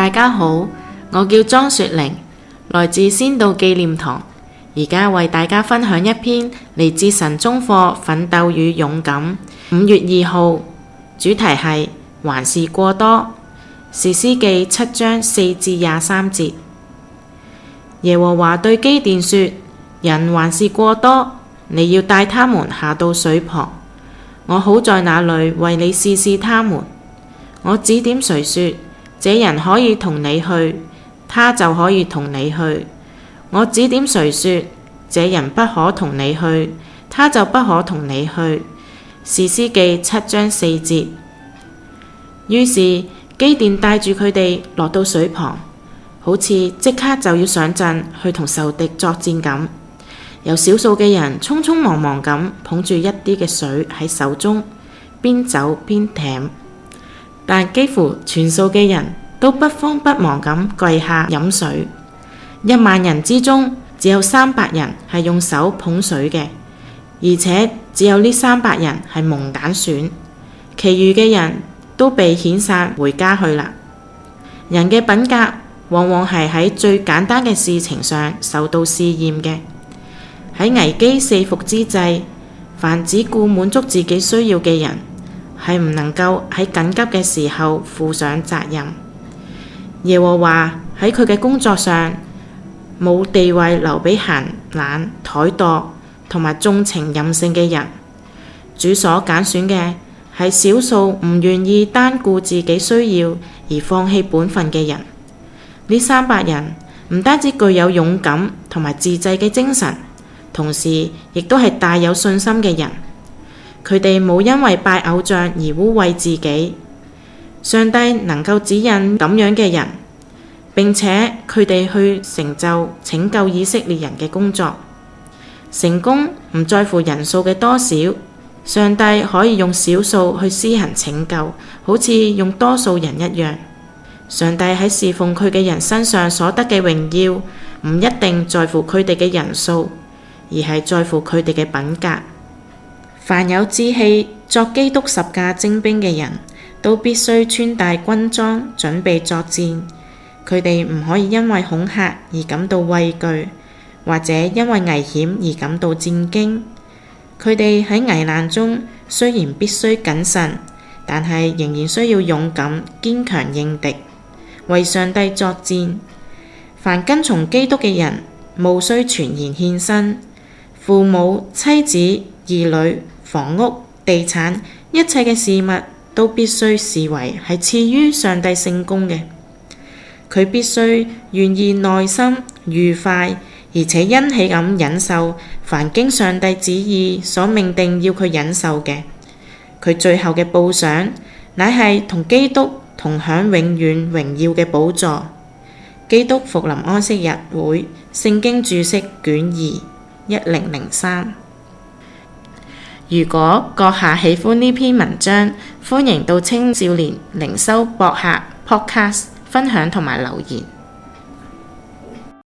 大家好，我叫莊雪玲，來自先道紀念堂，而家為大家分享一篇嚟自神中課《奮鬥與勇敢》五月二號，主題係還是過多，士師記七章四至廿三節。耶和華對基甸說：人還是過多，你要帶他們下到水旁，我好在那裏為你試試他們。我指點誰說，這人可以同你去，他就可以同你去。我指點誰說，這人不可同你去，他就不可同你去。士師記七章四節。於是基甸帶住佢哋落到水旁，好似即刻就要上陣去同仇敵作戰咁。有少數嘅人匆匆忙忙咁捧住一啲嘅水喺手中，邊走邊舔。但幾乎全數嘅人都不慌不忙咁跪下飲水，一萬人之中只有三百人係用手捧水嘅，而且只有呢三百人係蒙揀選，其餘嘅人都被遣散回家去啦。人嘅品格往往係喺最簡單嘅事情上受到試驗嘅，喺危機四伏之際，凡只顧滿足自己需要嘅人。係唔能夠喺緊急嘅時候負上責任。耶和華喺佢嘅工作上冇地位留畀閒懶怠惰同埋重情任性嘅人。主所揀選嘅係少數唔願意單顧自己需要而放棄本分嘅人。呢三百人唔單止具有勇敢同埋自制嘅精神，同時亦都係大有信心嘅人。佢哋冇因為拜偶像而污穢自己。上帝能夠指引咁樣嘅人，並且佢哋去成就拯救以色列人嘅工作。成功唔在乎人數嘅多少，上帝可以用少數去施行拯救，好似用多數人一樣。上帝喺侍奉佢嘅人身上所得嘅榮耀，唔一定在乎佢哋嘅人數，而係在乎佢哋嘅品格。凡有志氣作基督十架精兵嘅人，都必須穿戴軍裝，準備作戰。佢哋唔可以因為恐嚇而感到畏懼，或者因為危險而感到戰驚。佢哋喺危難中雖然必須謹慎，但係仍然需要勇敢堅強應敵，為上帝作戰。凡跟從基督嘅人，務須全然獻身，父母、妻子、兒女。房屋、地產，一切嘅事物都必須視為係賜於上帝聖工嘅，佢必須願意耐心、愉快而且欣喜咁忍受凡經上帝旨意所命定要佢忍受嘅，佢最後嘅報賞，乃係同基督同享永遠榮耀嘅寶座。基督復臨安息日會聖經注釋卷二一零零三。如果閣下喜歡呢篇文章，歡迎到青少年靈修博客 Podcast 分享同埋留言。